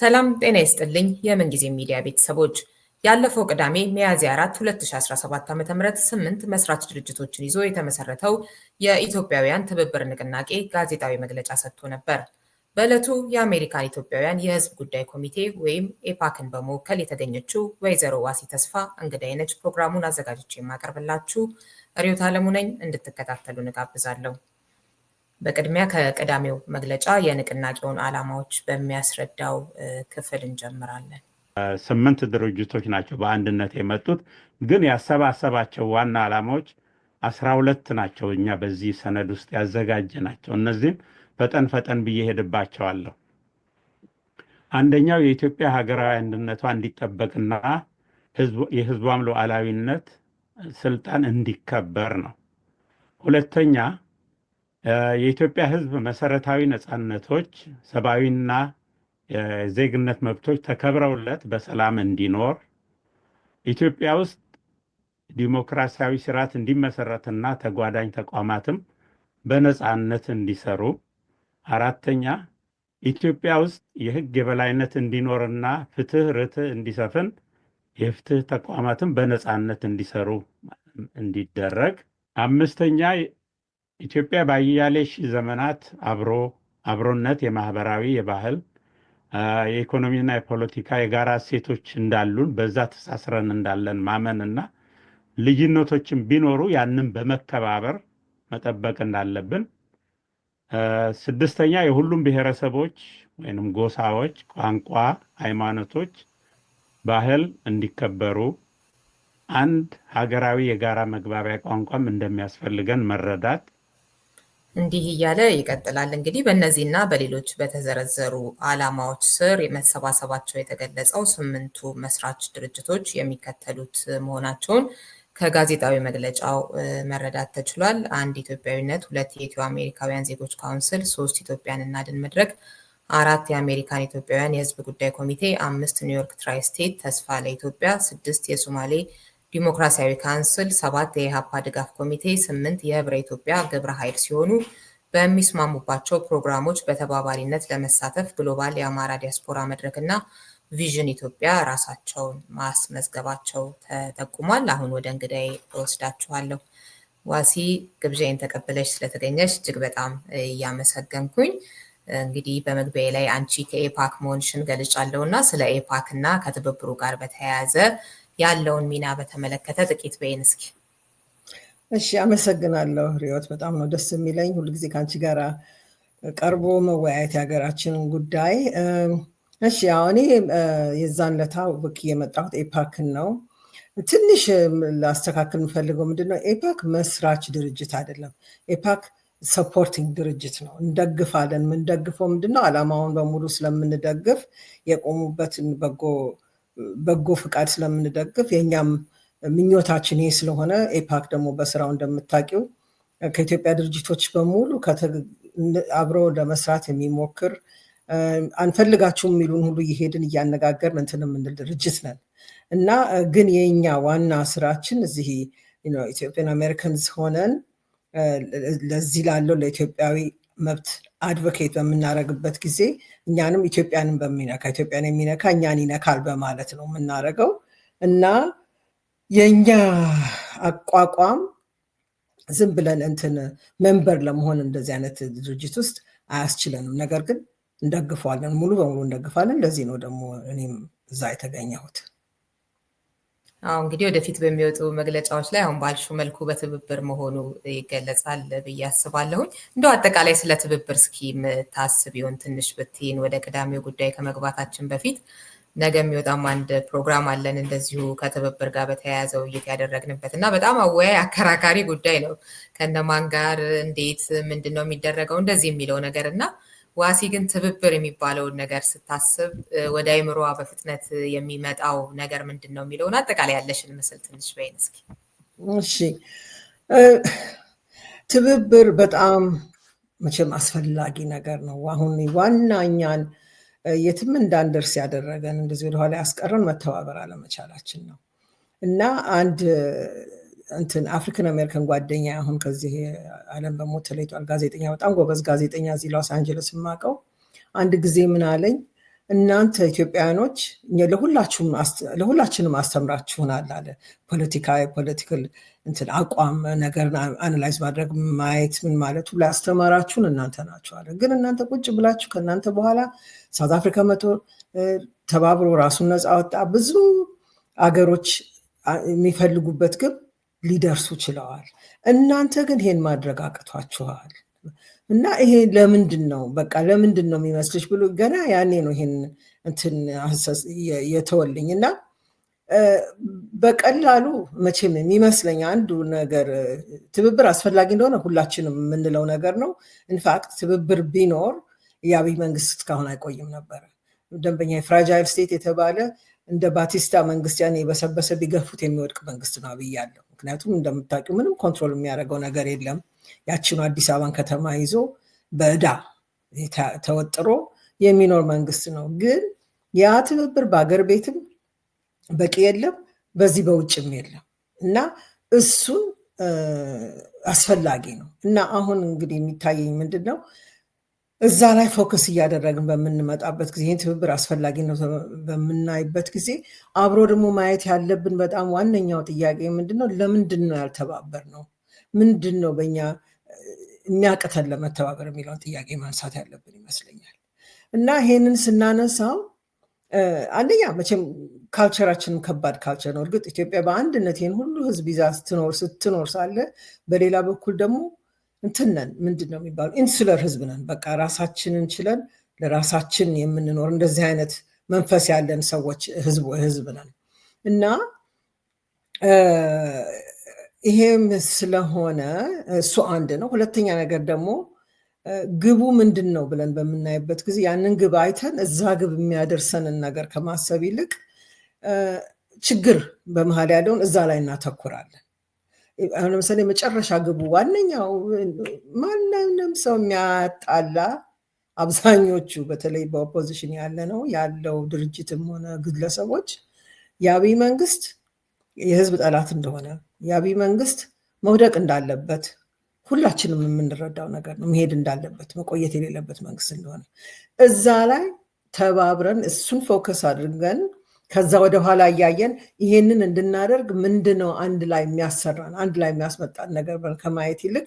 ሰላም ጤና ይስጥልኝ። የምንጊዜ ሚዲያ ቤተሰቦች ያለፈው ቅዳሜ ሚያዝያ 4 2017 ዓ.ም ስምንት መስራች ድርጅቶችን ይዞ የተመሰረተው የኢትዮጵያውያን ትብብር ንቅናቄ ጋዜጣዊ መግለጫ ሰጥቶ ነበር። በዕለቱ የአሜሪካን ኢትዮጵያውያን የህዝብ ጉዳይ ኮሚቴ ወይም ኤፓክን በመወከል የተገኘችው ወይዘሮ ዋሲ ተስፋ ነች ፕሮግራሙን አዘጋጅቼ የማቀርብላችሁ ርዕዮት አለሙ ነኝ። እንድትከታተሉ እንጋብዛለሁ። በቅድሚያ ከቀዳሚው መግለጫ የንቅናቄውን ዓላማዎች በሚያስረዳው ክፍል እንጀምራለን። ስምንት ድርጅቶች ናቸው በአንድነት የመጡት ግን ያሰባሰባቸው ዋና ዓላማዎች አስራ ሁለት ናቸው። እኛ በዚህ ሰነድ ውስጥ ያዘጋጀ ናቸው። እነዚህም ፈጠን ፈጠን ብዬ ሄድባቸዋለሁ። አንደኛው የኢትዮጵያ ሀገራዊ አንድነቷ እንዲጠበቅና የሕዝቧም ሉዓላዊነት ስልጣን እንዲከበር ነው። ሁለተኛ የኢትዮጵያ ሕዝብ መሰረታዊ ነፃነቶች፣ ሰብአዊና የዜግነት መብቶች ተከብረውለት በሰላም እንዲኖር ኢትዮጵያ ውስጥ ዲሞክራሲያዊ ስርዓት እንዲመሰረትና ተጓዳኝ ተቋማትም በነፃነት እንዲሰሩ፣ አራተኛ ኢትዮጵያ ውስጥ የህግ የበላይነት እንዲኖርና ፍትህ፣ ርትዕ እንዲሰፍን የፍትህ ተቋማትም በነፃነት እንዲሰሩ እንዲደረግ፣ አምስተኛ ኢትዮጵያ በአያሌ ሺህ ዘመናት አብሮ አብሮነት የማህበራዊ፣ የባህል፣ የኢኮኖሚና የፖለቲካ የጋራ እሴቶች እንዳሉን በዛ ተሳስረን እንዳለን ማመንና ልዩነቶችን ቢኖሩ ያንን በመከባበር መጠበቅ እንዳለብን። ስድስተኛ የሁሉም ብሔረሰቦች ወይም ጎሳዎች፣ ቋንቋ፣ ሃይማኖቶች፣ ባህል እንዲከበሩ አንድ ሀገራዊ የጋራ መግባቢያ ቋንቋም እንደሚያስፈልገን መረዳት እንዲህ እያለ ይቀጥላል። እንግዲህ በእነዚህና በሌሎች በተዘረዘሩ ዓላማዎች ስር መሰባሰባቸው የተገለጸው ስምንቱ መስራች ድርጅቶች የሚከተሉት መሆናቸውን ከጋዜጣዊ መግለጫው መረዳት ተችሏል። አንድ ኢትዮጵያዊነት፣ ሁለት የኢትዮ አሜሪካውያን ዜጎች ካውንስል፣ ሶስት ኢትዮጵያን እናድን መድረክ፣ አራት የአሜሪካን ኢትዮጵያውያን የህዝብ ጉዳይ ኮሚቴ፣ አምስት ኒውዮርክ ትራይስቴት ተስፋ ለኢትዮጵያ፣ ስድስት የሶማሌ ዲሞክራሲያዊ ካውንስል ሰባት የኢህአፓ ድጋፍ ኮሚቴ ስምንት የህብረ ኢትዮጵያ ግብረ ኃይል ሲሆኑ በሚስማሙባቸው ፕሮግራሞች በተባባሪነት ለመሳተፍ ግሎባል የአማራ ዲያስፖራ መድረክ እና ቪዥን ኢትዮጵያ ራሳቸውን ማስመዝገባቸው ተጠቁሟል። አሁን ወደ እንግዳይ እወስዳችኋለሁ። ዋሲ ግብዣይን ተቀበለች ስለተገኘች እጅግ በጣም እያመሰገንኩኝ። እንግዲህ በመግቢያ ላይ አንቺ ከኤፓክ መሆንሽን ገልጫለሁ እና ስለ ኤፓክ እና ከትብብሩ ጋር በተያያዘ ያለውን ሚና በተመለከተ ጥቂት በይንስኪ። እሺ፣ አመሰግናለሁ ሪዮት። በጣም ነው ደስ የሚለኝ ሁልጊዜ ከአንቺ ጋር ቀርቦ መወያየት የሀገራችንን ጉዳይ። እሺ፣ ያው እኔ የዛን ለታ ውክ የመጣሁት ኤፓክን ነው። ትንሽ ላስተካክል የምፈልገው ምንድነው ኤፓክ መስራች ድርጅት አይደለም። ኤፓክ ሰፖርቲንግ ድርጅት ነው። እንደግፋለን። የምንደግፈው ምንድነው፣ አላማውን በሙሉ ስለምንደግፍ የቆሙበትን በጎ በጎ ፍቃድ ስለምንደግፍ የእኛም ምኞታችን ይህ ስለሆነ ኤፓክ ደግሞ በስራው እንደምታውቂው ከኢትዮጵያ ድርጅቶች በሙሉ አብሮ ለመስራት የሚሞክር አንፈልጋችሁም የሚሉን ሁሉ እየሄድን እያነጋገር እንትን የምንል ድርጅት ነን እና ግን የእኛ ዋና ስራችን እዚህ ኢትዮጵያን አሜሪካንስ ሆነን ለዚህ ላለው ለኢትዮጵያዊ መብት አድቮኬት በምናደርግበት ጊዜ እኛንም ኢትዮጵያንም በሚነካ ኢትዮጵያን የሚነካ እኛን ይነካል በማለት ነው የምናደርገው እና የእኛ አቋቋም ዝም ብለን እንትን መንበር ለመሆን እንደዚህ አይነት ድርጅት ውስጥ አያስችለንም። ነገር ግን እንደግፈዋለን፣ ሙሉ በሙሉ እንደግፋለን። ለዚህ ነው ደግሞ እኔም እዛ የተገኘሁት። አሁ እንግዲህ ወደፊት በሚወጡ መግለጫዎች ላይ አሁን ባልሹ መልኩ በትብብር መሆኑ ይገለጻል ብዬ አስባለሁኝ። እንደው አጠቃላይ ስለ ትብብር እስኪ የምታስቢውን ትንሽ ብትይን ወደ ቅዳሜው ጉዳይ ከመግባታችን በፊት ነገ የሚወጣም አንድ ፕሮግራም አለን እንደዚሁ ከትብብር ጋር በተያያዘ ውይይት ያደረግንበት እና በጣም አወያይ አከራካሪ ጉዳይ ነው። ከነማን ጋር እንዴት ምንድን ነው የሚደረገው እንደዚህ የሚለው ነገር እና ዋሲ ግን ትብብር የሚባለውን ነገር ስታስብ ወደ አይምሮዋ በፍጥነት የሚመጣው ነገር ምንድን ነው የሚለውን አጠቃላይ ያለሽን ምስል ትንሽ በይን እስኪ። እሺ፣ ትብብር በጣም መቼም አስፈላጊ ነገር ነው። አሁን ዋና እኛን የትም እንዳንደርስ ያደረገን እንደዚህ ወደኋላ ያስቀረን መተባበር አለመቻላችን ነው እና አንድ እንትን አፍሪካን አሜሪካን ጓደኛ አሁን ከዚህ አለም በሞት ተለይቷል። ጋዜጠኛ በጣም ጎበዝ ጋዜጠኛ እዚህ ሎስ አንጀለስ የማውቀው አንድ ጊዜ ምን አለኝ፣ እናንተ ኢትዮጵያውያኖች ለሁላችንም አስተምራችሁናል አለ። ፖለቲካ ፖለቲካል እንትን አቋም ነገር አናላይዝ ማድረግ ማየት ምን ማለት ሁላ አስተማራችሁን እናንተ ናችሁ አለ። ግን እናንተ ቁጭ ብላችሁ ከእናንተ በኋላ ሳውት አፍሪካ መቶ ተባብሮ ራሱን ነፃ ወጣ ብዙ አገሮች የሚፈልጉበት ግብ ሊደርሱ ችለዋል። እናንተ ግን ይሄን ማድረግ አቅቷችኋል። እና ይሄ ለምንድን ነው በቃ ለምንድን ነው የሚመስልሽ ብሎ ገና ያኔ ነው ይሄን እንትን የተወልኝ እና በቀላሉ መቼም የሚመስለኝ አንዱ ነገር ትብብር አስፈላጊ እንደሆነ ሁላችንም የምንለው ነገር ነው። ኢንፋክት ትብብር ቢኖር የአብይ መንግስት እስካሁን አይቆይም ነበረ። ደንበኛ የፍራጃይል ስቴት የተባለ እንደ ባቲስታ መንግስት ያኔ የበሰበሰ ቢገፉት የሚወድቅ መንግስት ነው አብይ ያለው ምክንያቱም እንደምታውቂው ምንም ኮንትሮል የሚያደርገው ነገር የለም። ያችኑ አዲስ አበባን ከተማ ይዞ በእዳ ተወጥሮ የሚኖር መንግስት ነው። ግን ያ ትብብር በአገር ቤትም በቂ የለም፣ በዚህ በውጭም የለም እና እሱን አስፈላጊ ነው እና አሁን እንግዲህ የሚታየኝ ምንድን ነው እዛ ላይ ፎከስ እያደረግን በምንመጣበት ጊዜ ይህን ትብብር አስፈላጊ ነው በምናይበት ጊዜ አብሮ ደግሞ ማየት ያለብን በጣም ዋነኛው ጥያቄ ምንድን ነው? ለምንድን ነው ያልተባበር ነው? ምንድን ነው በእኛ የሚያቅተን ለመተባበር የሚለውን ጥያቄ ማንሳት ያለብን ይመስለኛል። እና ይሄንን ስናነሳው አንደኛ መቼም ካልቸራችንም ከባድ ካልቸር ነው። እርግጥ ኢትዮጵያ በአንድነት ይህን ሁሉ ህዝብ ይዛ ስትኖር ስትኖር ሳለ በሌላ በኩል ደግሞ እንትነን ምንድን ነው የሚባሉ ኢንሱለር ህዝብ ነን። በቃ ራሳችንን ችለን ለራሳችን የምንኖር እንደዚህ አይነት መንፈስ ያለን ሰዎች ህዝብ ህዝብ ነን እና ይሄም ስለሆነ እሱ አንድ ነው። ሁለተኛ ነገር ደግሞ ግቡ ምንድን ነው ብለን በምናይበት ጊዜ ያንን ግብ አይተን እዛ ግብ የሚያደርሰንን ነገር ከማሰብ ይልቅ ችግር በመሀል ያለውን እዛ ላይ እናተኩራለን። አሁን ለምሳሌ መጨረሻ ግቡ ዋነኛው ማንንም ሰው የሚያጣላ አብዛኞቹ በተለይ በኦፖዚሽን ያለ ነው ያለው ድርጅትም ሆነ ግለሰቦች የአብይ መንግስት የህዝብ ጠላት እንደሆነ የአብይ መንግስት መውደቅ እንዳለበት ሁላችንም የምንረዳው ነገር ነው። መሄድ እንዳለበት መቆየት የሌለበት መንግስት እንደሆነ እዛ ላይ ተባብረን እሱን ፎከስ አድርገን ከዛ ወደ ኋላ እያየን ይሄንን እንድናደርግ ምንድነው አንድ ላይ የሚያሰራን አንድ ላይ የሚያስመጣን ነገር ብለን ከማየት ይልቅ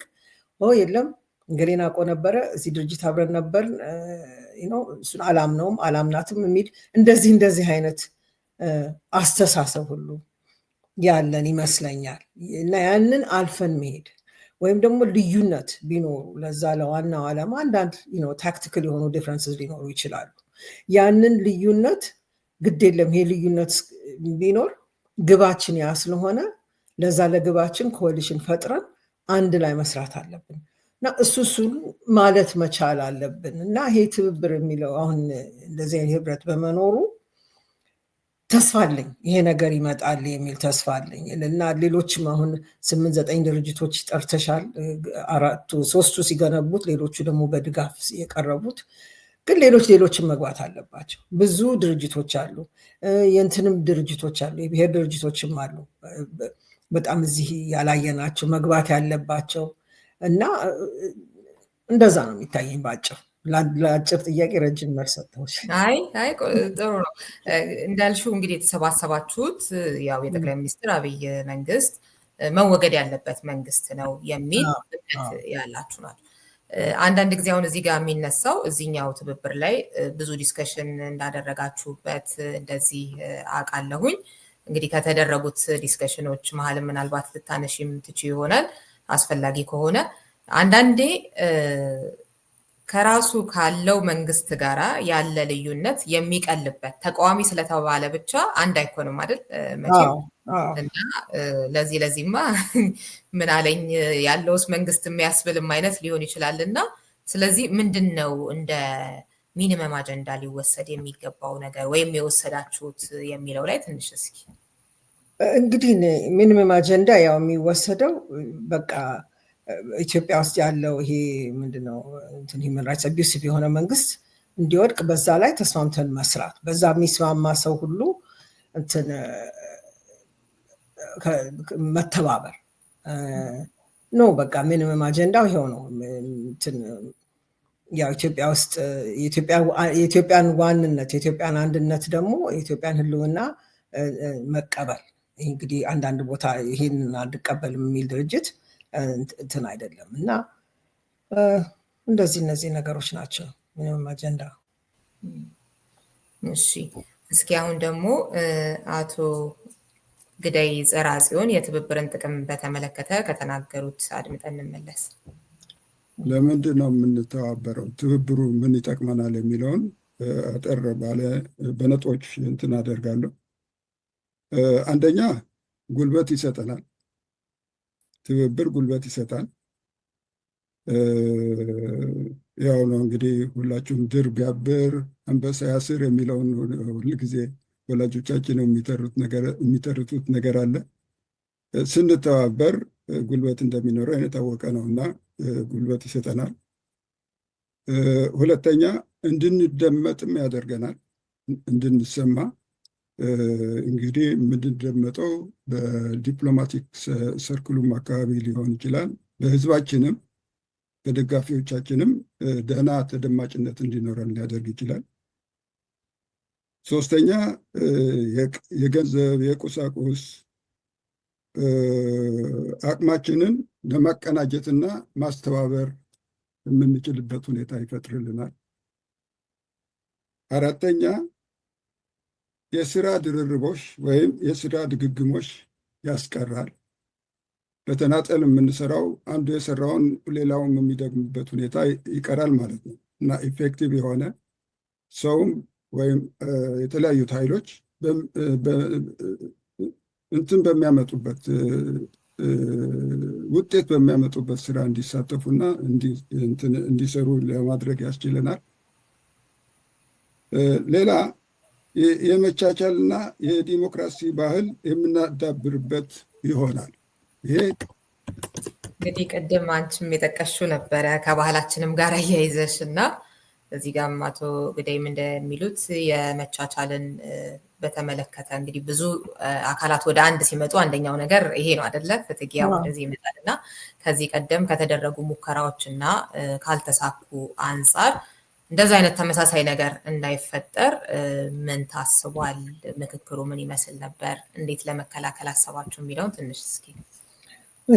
ኦ የለም እንግሊን አውቆ ነበረ እዚህ ድርጅት አብረን ነበር እሱን ነውም አላምናትም የሚል እንደዚህ እንደዚህ አይነት አስተሳሰብ ሁሉ ያለን ይመስለኛል። እና ያንን አልፈን መሄድ ወይም ደግሞ ልዩነት ቢኖሩ ለዛ ለዋናው ዓላማ አንዳንድ ታክቲካል የሆኑ ዲፍረንስ ሊኖሩ ይችላሉ። ያንን ልዩነት ግድ የለም ይሄ ልዩነት ቢኖር ግባችን ያ ስለሆነ ለዛ ለግባችን ኮሊሽን ፈጥረን አንድ ላይ መስራት አለብን እና እሱ እሱን ማለት መቻል አለብን እና ይሄ ትብብር የሚለው አሁን እንደዚህ ህብረት በመኖሩ ተስፋ አለኝ ይሄ ነገር ይመጣል የሚል ተስፋ አለኝ እና ሌሎችም አሁን ስምንት ዘጠኝ ድርጅቶች ጠርተሻል። አራቱ ሶስቱ ሲገነቡት፣ ሌሎቹ ደግሞ በድጋፍ የቀረቡት ግን ሌሎች ሌሎችን መግባት አለባቸው። ብዙ ድርጅቶች አሉ፣ የእንትንም ድርጅቶች አሉ፣ የብሔር ድርጅቶችም አሉ። በጣም እዚህ ያላየናቸው መግባት ያለባቸው እና እንደዛ ነው የሚታየኝ በአጭር ለአጭር ጥያቄ ረጅም መልስ ሰጥተውሽ። አይ አይ ጥሩ ነው እንዳልሽው እንግዲህ የተሰባሰባችሁት ያው የጠቅላይ ሚኒስትር አብይ መንግስት መወገድ ያለበት መንግስት ነው የሚል እምነት ያላችሁ ናቸው። አንዳንድ ጊዜ አሁን እዚህ ጋር የሚነሳው እዚህኛው ትብብር ላይ ብዙ ዲስከሽን እንዳደረጋችሁበት እንደዚህ አውቃለሁኝ። እንግዲህ ከተደረጉት ዲስከሽኖች መሀል ምናልባት ልታነሺም ትች ይሆናል አስፈላጊ ከሆነ አንዳንዴ ከራሱ ካለው መንግስት ጋር ያለ ልዩነት የሚቀልበት ተቃዋሚ ስለተባለ ብቻ አንድ አይኮንም አይደል መቼም እና ለዚህ ለዚህማ ምን አለኝ ያለውስ መንግስት የሚያስብልም አይነት ሊሆን ይችላል። እና ስለዚህ ምንድን ነው እንደ ሚኒመም አጀንዳ ሊወሰድ የሚገባው ነገር ወይም የወሰዳችሁት የሚለው ላይ ትንሽ እስኪ እንግዲህ ሚኒመም አጀንዳ ያው የሚወሰደው በቃ ኢትዮጵያ ውስጥ ያለው ይሄ ምንድነው እንትን ሂውመን ራይትስ አቢዩሲቭ የሆነ መንግስት እንዲወድቅ በዛ ላይ ተስማምተን መስራት በዛ የሚስማማ ሰው ሁሉ እንትን መተባበር ኖ በቃ ሚኒመም አጀንዳው ይሄው ነው። ያው ኢትዮጵያ ውስጥ የኢትዮጵያን ዋንነት የኢትዮጵያን አንድነት ደግሞ የኢትዮጵያን ሕልውና መቀበል እንግዲህ አንዳንድ ቦታ ይህን አንቀበልም የሚል ድርጅት እንትን አይደለም እና እንደዚህ እነዚህ ነገሮች ናቸው። ምንም አጀንዳ እሺ። እስኪ አሁን ደግሞ አቶ ግዳይ ሲሆን የትብብርን ጥቅም በተመለከተ ከተናገሩት አድምጠን እንመለስ። ለምንድን ነው የምንተባበረው? ትብብሩ ምን ይጠቅመናል? የሚለውን አጠር ባለ በነጥቦች እንትን አደርጋለሁ። አንደኛ ጉልበት ይሰጠናል። ትብብር ጉልበት ይሰጣል። ያው ነው እንግዲህ ሁላችሁም ድር ቢያብር አንበሳ ያስር የሚለውን ሁልጊዜ ወላጆቻችን የሚተርቱት ነገር አለ። ስንተባበር ጉልበት እንደሚኖረው የታወቀ ነው እና ጉልበት ይሰጠናል። ሁለተኛ እንድንደመጥም ያደርገናል፣ እንድንሰማ። እንግዲህ የምንደመጠው በዲፕሎማቲክ ሰርክሉም አካባቢ ሊሆን ይችላል። በህዝባችንም በደጋፊዎቻችንም ደህና ተደማጭነት እንዲኖረን ሊያደርግ ይችላል። ሶስተኛ የገንዘብ የቁሳቁስ አቅማችንን ለማቀናጀትና ማስተባበር የምንችልበት ሁኔታ ይፈጥርልናል። አራተኛ የስራ ድርርቦች ወይም የስራ ድግግሞች ያስቀራል። በተናጠል የምንሰራው አንዱ የሰራውን ሌላውም የሚደግምበት ሁኔታ ይቀራል ማለት ነው እና ኢፌክቲቭ የሆነ ሰውም ወይም የተለያዩት ኃይሎች እንትን በሚያመጡበት ውጤት በሚያመጡበት ስራ እንዲሳተፉና እንዲሰሩ ለማድረግ ያስችለናል። ሌላ የመቻቻልና የዲሞክራሲ ባህል የምናዳብርበት ይሆናል። ይሄ እንግዲህ ቅድም አንቺም የጠቀሹ ነበረ ከባህላችንም ጋር እያይዘሽ እና እዚህ ጋርም አቶ ግደይም እንደሚሉት የመቻቻልን በተመለከተ እንግዲህ ብዙ አካላት ወደ አንድ ሲመጡ አንደኛው ነገር ይሄ ነው አደለ? ፍትጊያ ወደዚህ ይመጣል እና ከዚህ ቀደም ከተደረጉ ሙከራዎች እና ካልተሳኩ አንጻር እንደዚ አይነት ተመሳሳይ ነገር እንዳይፈጠር ምን ታስቧል? ምክክሩ ምን ይመስል ነበር? እንዴት ለመከላከል አሰባችሁ የሚለውን ትንሽ እስኪ።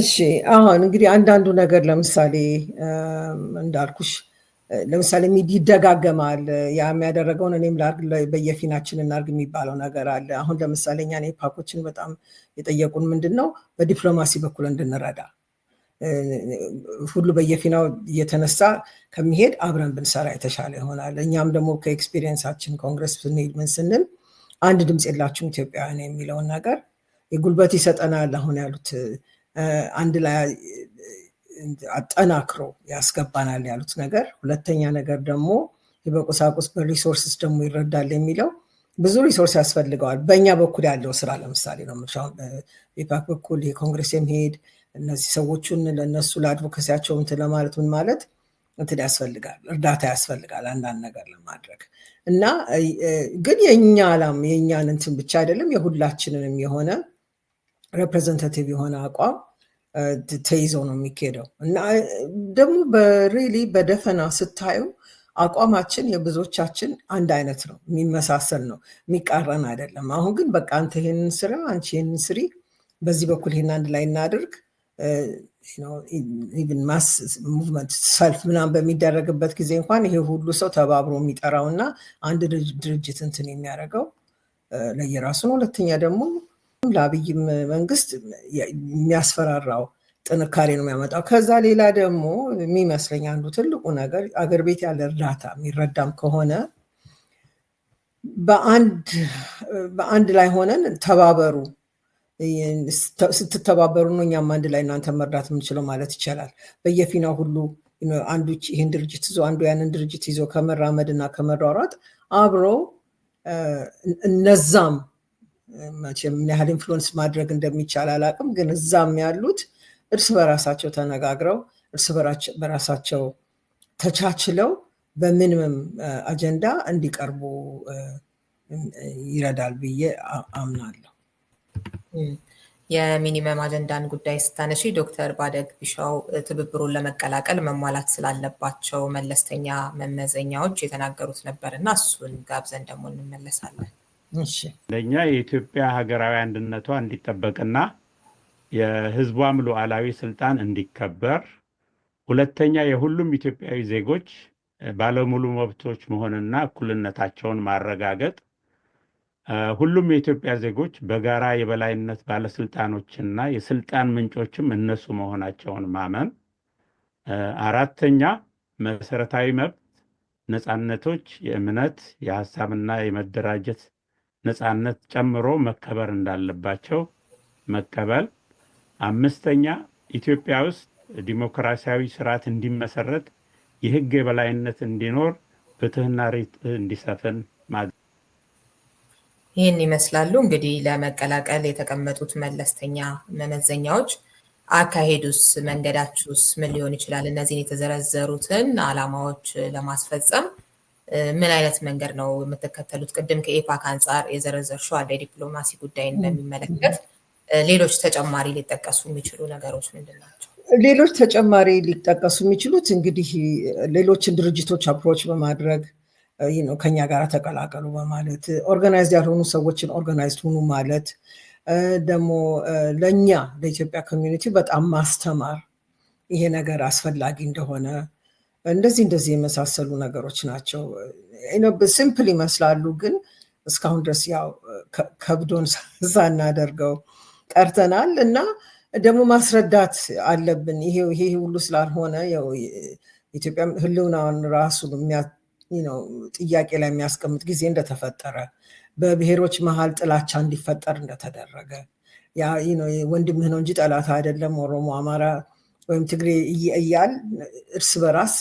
እሺ አሁን እንግዲህ አንዳንዱ ነገር ለምሳሌ እንዳልኩሽ ለምሳሌ ሚድ ይደጋገማል። ያ የሚያደረገውን እኔም ላርግ በየፊናችን እናርግ የሚባለው ነገር አለ። አሁን ለምሳሌ እኛን ፓኮችን በጣም የጠየቁን ምንድን ነው በዲፕሎማሲ በኩል እንድንረዳ ሁሉ በየፊናው እየተነሳ ከሚሄድ አብረን ብንሰራ የተሻለ ይሆናል። እኛም ደግሞ ከኤክስፒሪየንሳችን ኮንግረስ ስንሄድ ምን ስንል አንድ ድምፅ የላችሁም ኢትዮጵያውያን የሚለውን ነገር ጉልበት ይሰጠናል። አሁን ያሉት አንድ ላይ አጠናክሮ ያስገባናል ያሉት ነገር። ሁለተኛ ነገር ደግሞ በቁሳቁስ በሪሶርስስ ደግሞ ይረዳል የሚለው ብዙ ሪሶርስ ያስፈልገዋል። በእኛ በኩል ያለው ስራ ለምሳሌ ነው በኢፓክ በኩል የኮንግሬስ የሚሄድ እነዚህ ሰዎቹን ለእነሱ ለአድቮኬሲያቸው እንትን ለማለት ምን ማለት እንትን ያስፈልጋል፣ እርዳታ ያስፈልጋል አንዳንድ ነገር ለማድረግ እና ግን የእኛ አላም የእኛን እንትን ብቻ አይደለም የሁላችንንም የሆነ ሬፕሬዘንታቲቭ የሆነ አቋም ተይዞ ነው የሚካሄደው እና ደግሞ በሪሊ በደፈና ስታዩ አቋማችን የብዙዎቻችን አንድ አይነት ነው፣ የሚመሳሰል ነው፣ የሚቃረን አይደለም። አሁን ግን በቃ አንተ ይህንን ስራ፣ አንቺ ይህንን ስሪ፣ በዚህ በኩል ይህን አንድ ላይ እናድርግ ማስ ሙቭመንት ሰልፍ ምናምን በሚደረግበት ጊዜ እንኳን ይሄ ሁሉ ሰው ተባብሮ የሚጠራው እና አንድ ድርጅት እንትን የሚያደርገው ለየራሱ ነው። ሁለተኛ ደግሞ ለአብይም መንግስት የሚያስፈራራው ጥንካሬ ነው የሚያመጣው። ከዛ ሌላ ደግሞ የሚመስለኝ አንዱ ትልቁ ነገር አገር ቤት ያለ እርዳታ የሚረዳም ከሆነ በአንድ ላይ ሆነን ተባበሩ፣ ስትተባበሩ ነው እኛም አንድ ላይ እናንተ መርዳት የምንችለው ማለት ይቻላል። በየፊናው ሁሉ አንዱ ይህን ድርጅት ይዞ አንዱ ያንን ድርጅት ይዞ ከመራመድ እና ከመሯሯጥ አብሮ እነዛም መቼም ምን ያህል ኢንፍሉወንስ ማድረግ እንደሚቻል አላቅም፣ ግን እዛም ያሉት እርስ በራሳቸው ተነጋግረው እርስ በራሳቸው ተቻችለው በሚኒመም አጀንዳ እንዲቀርቡ ይረዳል ብዬ አምናለሁ። የሚኒመም አጀንዳን ጉዳይ ስታነሺ ዶክተር ባደግ ቢሻው ትብብሩን ለመቀላቀል መሟላት ስላለባቸው መለስተኛ መመዘኛዎች የተናገሩት ነበር እና እሱን ጋብዘን ደግሞ እንመለሳለን። ለእኛ የኢትዮጵያ ሀገራዊ አንድነቷ እንዲጠበቅና የህዝቧም ሉዓላዊ ስልጣን እንዲከበር፣ ሁለተኛ የሁሉም ኢትዮጵያዊ ዜጎች ባለሙሉ መብቶች መሆንና እኩልነታቸውን ማረጋገጥ፣ ሁሉም የኢትዮጵያ ዜጎች በጋራ የበላይነት ባለስልጣኖችና የስልጣን ምንጮችም እነሱ መሆናቸውን ማመን፣ አራተኛ መሰረታዊ መብት ነፃነቶች፣ የእምነት የሀሳብና የመደራጀት ነፃነት ጨምሮ መከበር እንዳለባቸው መቀበል። አምስተኛ ኢትዮጵያ ውስጥ ዲሞክራሲያዊ ስርዓት እንዲመሰረት የህግ የበላይነት እንዲኖር ፍትህና ርትዕ እንዲሰፍን ማድረግ። ይህን ይመስላሉ እንግዲህ ለመቀላቀል የተቀመጡት መለስተኛ መመዘኛዎች። አካሄዱስ መንገዳችሁስ ምን ሊሆን ይችላል? እነዚህን የተዘረዘሩትን አላማዎች ለማስፈጸም ምን አይነት መንገድ ነው የምትከተሉት? ቅድም ከኤፓክ አንጻር የዘረዘርሽው አለ የዲፕሎማሲ ጉዳይን በሚመለከት ሌሎች ተጨማሪ ሊጠቀሱ የሚችሉ ነገሮች ምንድን ናቸው? ሌሎች ተጨማሪ ሊጠቀሱ የሚችሉት እንግዲህ ሌሎችን ድርጅቶች አፕሮች በማድረግ ነው ከኛ ጋር ተቀላቀሉ በማለት ኦርጋናይዝድ ያልሆኑ ሰዎችን ኦርጋናይዝድ ሁኑ ማለት ደግሞ ለእኛ ለኢትዮጵያ ኮሚኒቲ በጣም ማስተማር ይሄ ነገር አስፈላጊ እንደሆነ እንደዚህ እንደዚህ የመሳሰሉ ነገሮች ናቸው። ሲምፕል ይመስላሉ፣ ግን እስካሁን ድረስ ያው ከብዶን ሳናደርገው ቀርተናል እና ደግሞ ማስረዳት አለብን። ይሄ ሁሉ ስላልሆነ ኢትዮጵያ ሕልውናውን ራሱ ጥያቄ ላይ የሚያስቀምጥ ጊዜ እንደተፈጠረ፣ በብሔሮች መሀል ጥላቻ እንዲፈጠር እንደተደረገ ወንድምህ ነው እንጂ ጠላት አይደለም ኦሮሞ፣ አማራ ወይም ትግሬ እያል እርስ በራስ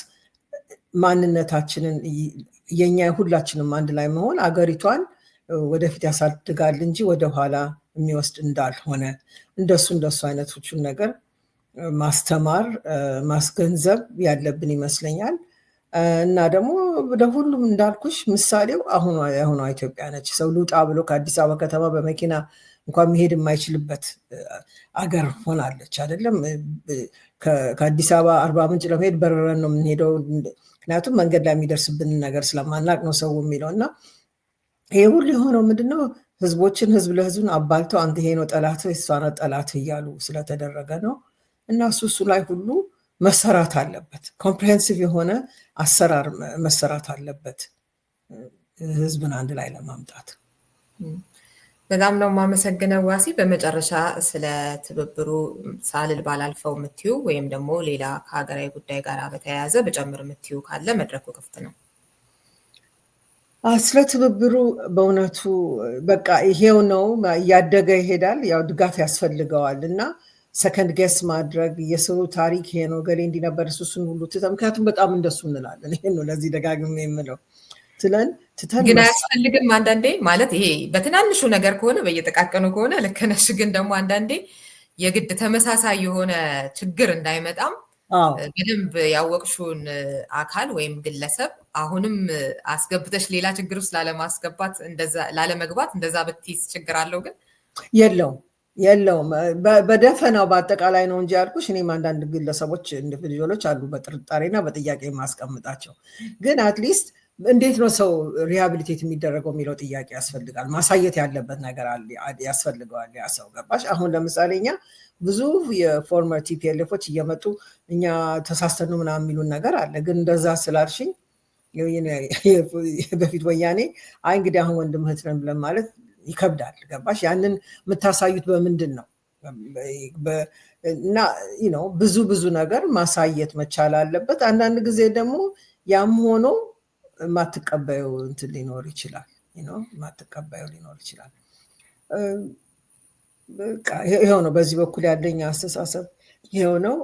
ማንነታችንን የኛ ሁላችንም አንድ ላይ መሆን አገሪቷን ወደፊት ያሳድጋል እንጂ ወደኋላ የሚወስድ እንዳልሆነ እንደሱ እንደሱ አይነቶቹን ነገር ማስተማር ማስገንዘብ ያለብን ይመስለኛል። እና ደግሞ ለሁሉም እንዳልኩሽ ምሳሌው የአሁኗ ኢትዮጵያ ነች። ሰው ልውጣ ብሎ ከአዲስ አበባ ከተማ በመኪና እንኳን መሄድ የማይችልበት አገር ሆናለች አይደለም። ከአዲስ አበባ አርባ ምንጭ ለመሄድ በረረን ነው የምንሄደው። ምክንያቱም መንገድ ላይ የሚደርስብን ነገር ስለማናቅ ነው ሰው የሚለው እና ይህ ሁሉ የሆነው ምንድነው ህዝቦችን ህዝብ ለህዝብን አባልተው አንተ ይሄ ነው ጠላት የሷነ ጠላት እያሉ ስለተደረገ ነው እና እሱ እሱ ላይ ሁሉ መሰራት አለበት። ኮምፕሪሄንሲቭ የሆነ አሰራር መሰራት አለበት ህዝብን አንድ ላይ ለማምጣት በጣም ነው የማመሰግነው ዋሲ። በመጨረሻ ስለ ትብብሩ ሳልል ባላልፈው የምትዩ ወይም ደግሞ ሌላ ከሀገራዊ ጉዳይ ጋር በተያያዘ በጨምር የምትዩ ካለ መድረኩ ክፍት ነው። ስለ ትብብሩ በእውነቱ በቃ ይሄው ነው፣ እያደገ ይሄዳል። ያው ድጋፍ ያስፈልገዋል እና ሰከንድ ጌስ ማድረግ የሰሩ ታሪክ ይሄ ነው ገሌ እንዲነበር እሱን ሁሉ ትተ ምክንያቱም በጣም እንደሱ እንላለን። ይሄ ነው ለዚህ ደጋግሜ የምለው ትለን ግን አያስፈልግም። አንዳንዴ ማለት ይሄ በትናንሹ ነገር ከሆነ በየጠቃቀኑ ከሆነ ልክ ነሽ። ግን ደግሞ አንዳንዴ የግድ ተመሳሳይ የሆነ ችግር እንዳይመጣም በደንብ ያወቅሽውን አካል ወይም ግለሰብ አሁንም አስገብተሽ ሌላ ችግር ውስጥ ላለማስገባት ላለመግባት እንደዛ ብትይዝ ችግር አለው ግን የለውም የለውም በደፈናው በአጠቃላይ ነው እንጂ ያልኩሽ። እኔም አንዳንድ ግለሰቦች ኢንዲቪጁዋሎች አሉ በጥርጣሬና በጥያቄ የማስቀምጣቸው ግን አትሊስት እንዴት ነው ሰው ሪሃብሊቴት የሚደረገው የሚለው ጥያቄ ያስፈልጋል። ማሳየት ያለበት ነገር ያስፈልገዋል ያ ሰው ገባሽ። አሁን ለምሳሌ እኛ ብዙ የፎርመር ቲፒኤልፎች እየመጡ እኛ ተሳስተኑ ምናምን የሚሉን ነገር አለ። ግን እንደዛ ስላልሽኝ በፊት ወያኔ አይ እንግዲህ አሁን ወንድም እህት ነን ብለን ማለት ይከብዳል። ገባሽ? ያንን የምታሳዩት በምንድን ነው? እና ነው ብዙ ብዙ ነገር ማሳየት መቻል አለበት። አንዳንድ ጊዜ ደግሞ ያም ሆኖ የማትቀበዩ እንትን ሊኖር ይችላል ነው ሊኖር ይችላል። ይሄው ነው በዚህ በኩል ያለኝ አስተሳሰብ ይሄው ነው።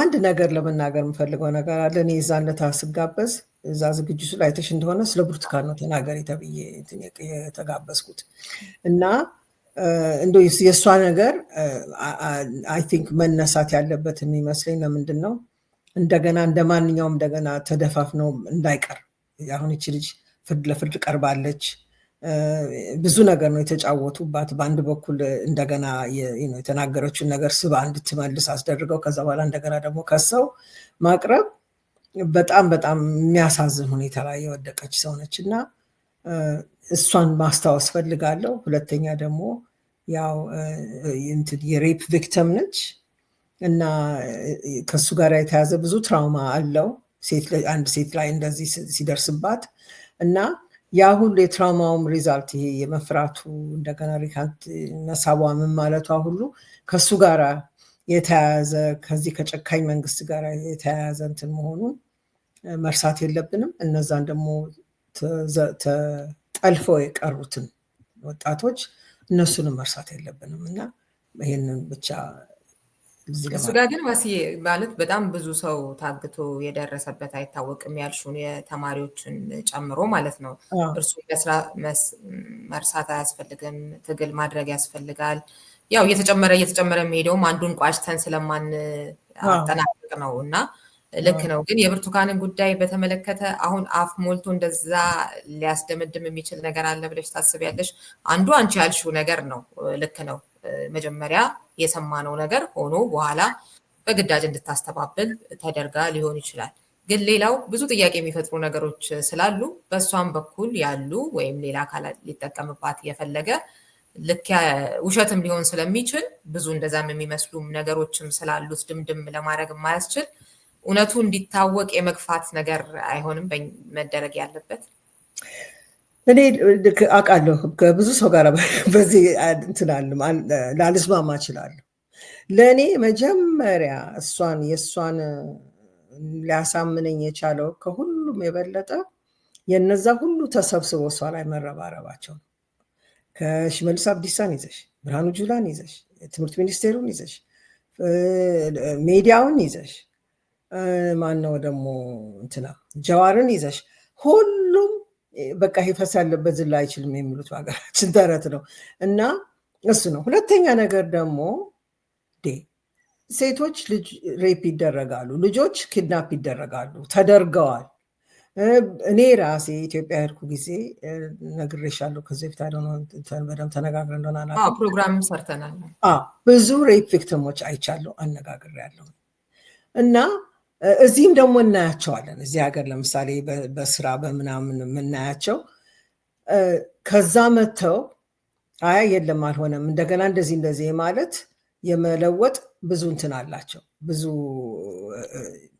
አንድ ነገር ለመናገር የምፈልገው ነገር አለ። እኔ የዛን ዕለት ስጋበዝ እዛ ዝግጅቱ ላይ ተሽ እንደሆነ ስለ ብርቱካን ነው ተናገሪ ተብዬ የተጋበዝኩት እና እንደ የእሷ ነገር አይ ቲንክ መነሳት ያለበት የሚመስለኝ ለምንድን ነው እንደገና እንደ ማንኛውም እንደገና ተደፋፍነው እንዳይቀር አሁን ይቺ ልጅ ፍርድ ለፍርድ ቀርባለች። ብዙ ነገር ነው የተጫወቱባት። በአንድ በኩል እንደገና የተናገረችውን ነገር ስባ እንድትመልስ አስደርገው ከዛ በኋላ እንደገና ደግሞ ከሰው ማቅረብ በጣም በጣም የሚያሳዝን ሁኔታ ላይ የወደቀች ሰው ነች እና እሷን ማስታወስ ፈልጋለሁ። ሁለተኛ ደግሞ ያው የሬፕ ቪክተም ነች። እና ከሱ ጋር የተያዘ ብዙ ትራውማ አለው። አንድ ሴት ላይ እንደዚህ ሲደርስባት እና ያ ሁሉ የትራውማውም ሪዛልት ይሄ የመፍራቱ እንደገና ሪካንት መሳቧ ምን ማለቷ ሁሉ ከሱ ጋር የተያያዘ ከዚህ ከጨካኝ መንግስት ጋር የተያያዘ እንትን መሆኑን መርሳት የለብንም። እነዛን ደግሞ ተጠልፈው የቀሩትን ወጣቶች እነሱንም መርሳት የለብንም እና ይህንን ብቻ እሱ ጋር ግን ዋስዬ ማለት በጣም ብዙ ሰው ታግቶ የደረሰበት አይታወቅም ያልሽውን የተማሪዎችን ጨምሮ ማለት ነው። እርሱ መርሳት አያስፈልግም፣ ትግል ማድረግ ያስፈልጋል። ያው እየተጨመረ እየተጨመረ የሚሄደውም አንዱን ቋጭተን ስለማን አጠናቀቅ ነው እና ልክ ነው። ግን የብርቱካንን ጉዳይ በተመለከተ አሁን አፍ ሞልቶ እንደዛ ሊያስደመድም የሚችል ነገር አለ ብለሽ ታስቢያለሽ? አንዱ አንቺ ያልሽው ነገር ነው። ልክ ነው። መጀመሪያ የሰማነው ነገር ሆኖ በኋላ በግዳጅ እንድታስተባብል ተደርጋ ሊሆን ይችላል። ግን ሌላው ብዙ ጥያቄ የሚፈጥሩ ነገሮች ስላሉ በእሷም በኩል ያሉ ወይም ሌላ አካል ሊጠቀምባት የፈለገ ልክ ውሸትም ሊሆን ስለሚችል ብዙ እንደዛም የሚመስሉ ነገሮችም ስላሉት ድምድም ለማድረግ የማያስችል እውነቱ እንዲታወቅ የመግፋት ነገር አይሆንም መደረግ ያለበት። እኔ አውቃለሁ ከብዙ ሰው ጋር በዚህ ላልስማማ እችላለሁ። ለእኔ መጀመሪያ እሷን የእሷን ሊያሳምነኝ የቻለው ከሁሉም የበለጠ የነዛ ሁሉ ተሰብስቦ እሷ ላይ መረባረባቸው ነው። ከሽመልስ አብዲሳን ይዘሽ፣ ብርሃኑ ጁላን ይዘሽ፣ ትምህርት ሚኒስቴሩን ይዘሽ፣ ሚዲያውን ይዘሽ፣ ማነው ደግሞ እንትና ጀዋርን ይዘሽ ሁሉም በቃ ፈሳሽ ያለበት ዝላ አይችልም የሚሉት ሀገራችን ተረት ነው እና እሱ ነው። ሁለተኛ ነገር ደግሞ ሴቶች ልጅ ሬፕ ይደረጋሉ፣ ልጆች ኪድናፕ ይደረጋሉ፣ ተደርገዋል። እኔ ራሴ ኢትዮጵያ ሄድኩ ጊዜ ነግሬሻለሁ። ከዚ በፊት በደምብ ተነጋግረ እንደሆነ ፕሮግራም ሰርተናል። ብዙ ሬፕ ቪክቲሞች አይቻለሁ፣ አነጋግሬያለሁ እና እዚህም ደግሞ እናያቸዋለን። እዚህ ሀገር ለምሳሌ በስራ በምናምን የምናያቸው ከዛ መጥተው አያ የለም አልሆነም፣ እንደገና እንደዚህ እንደዚህ ማለት የመለወጥ ብዙ እንትን አላቸው።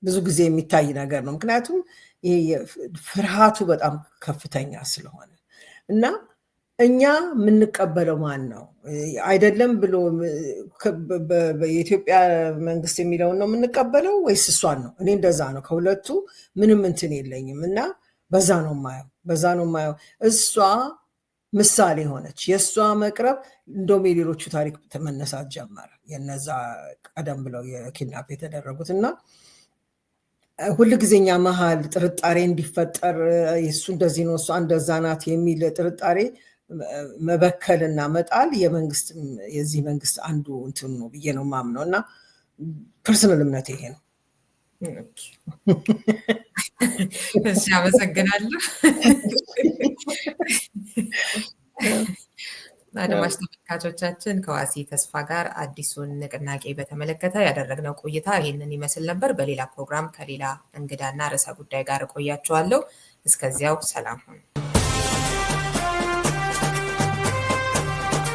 ብዙ ጊዜ የሚታይ ነገር ነው። ምክንያቱም ፍርሃቱ በጣም ከፍተኛ ስለሆነ እና እኛ የምንቀበለው ማን ነው አይደለም ብሎ የኢትዮጵያ መንግስት የሚለውን ነው የምንቀበለው ወይስ እሷን ነው? እኔ እንደዛ ነው። ከሁለቱ ምንም እንትን የለኝም እና በዛ ነው ማየው፣ በዛ ነው ማየው። እሷ ምሳሌ ሆነች። የእሷ መቅረብ እንደውም የሌሎቹ ታሪክ መነሳት ጀመረ፣ የነዛ ቀደም ብለው የኪድናፕ የተደረጉት እና ሁልጊዜኛ መሀል ጥርጣሬ እንዲፈጠር እሱ እንደዚህ ነው እሷ እንደዛ ናት የሚል ጥርጣሬ መበከልና መጣል የመንግስት የዚህ መንግስት አንዱ እንትን ነው ብዬ ነው ማምነው እና ፐርሰናል እምነት ይሄ ነው። እሺ፣ አመሰግናለሁ። አድማጭ ተመልካቾቻችን ከዋሲ ተስፋ ጋር አዲሱን ንቅናቄ በተመለከተ ያደረግነው ቆይታ ይህንን ይመስል ነበር። በሌላ ፕሮግራም ከሌላ እንግዳና ርዕሰ ጉዳይ ጋር እቆያችኋለሁ። እስከዚያው ሰላም ሁኑ።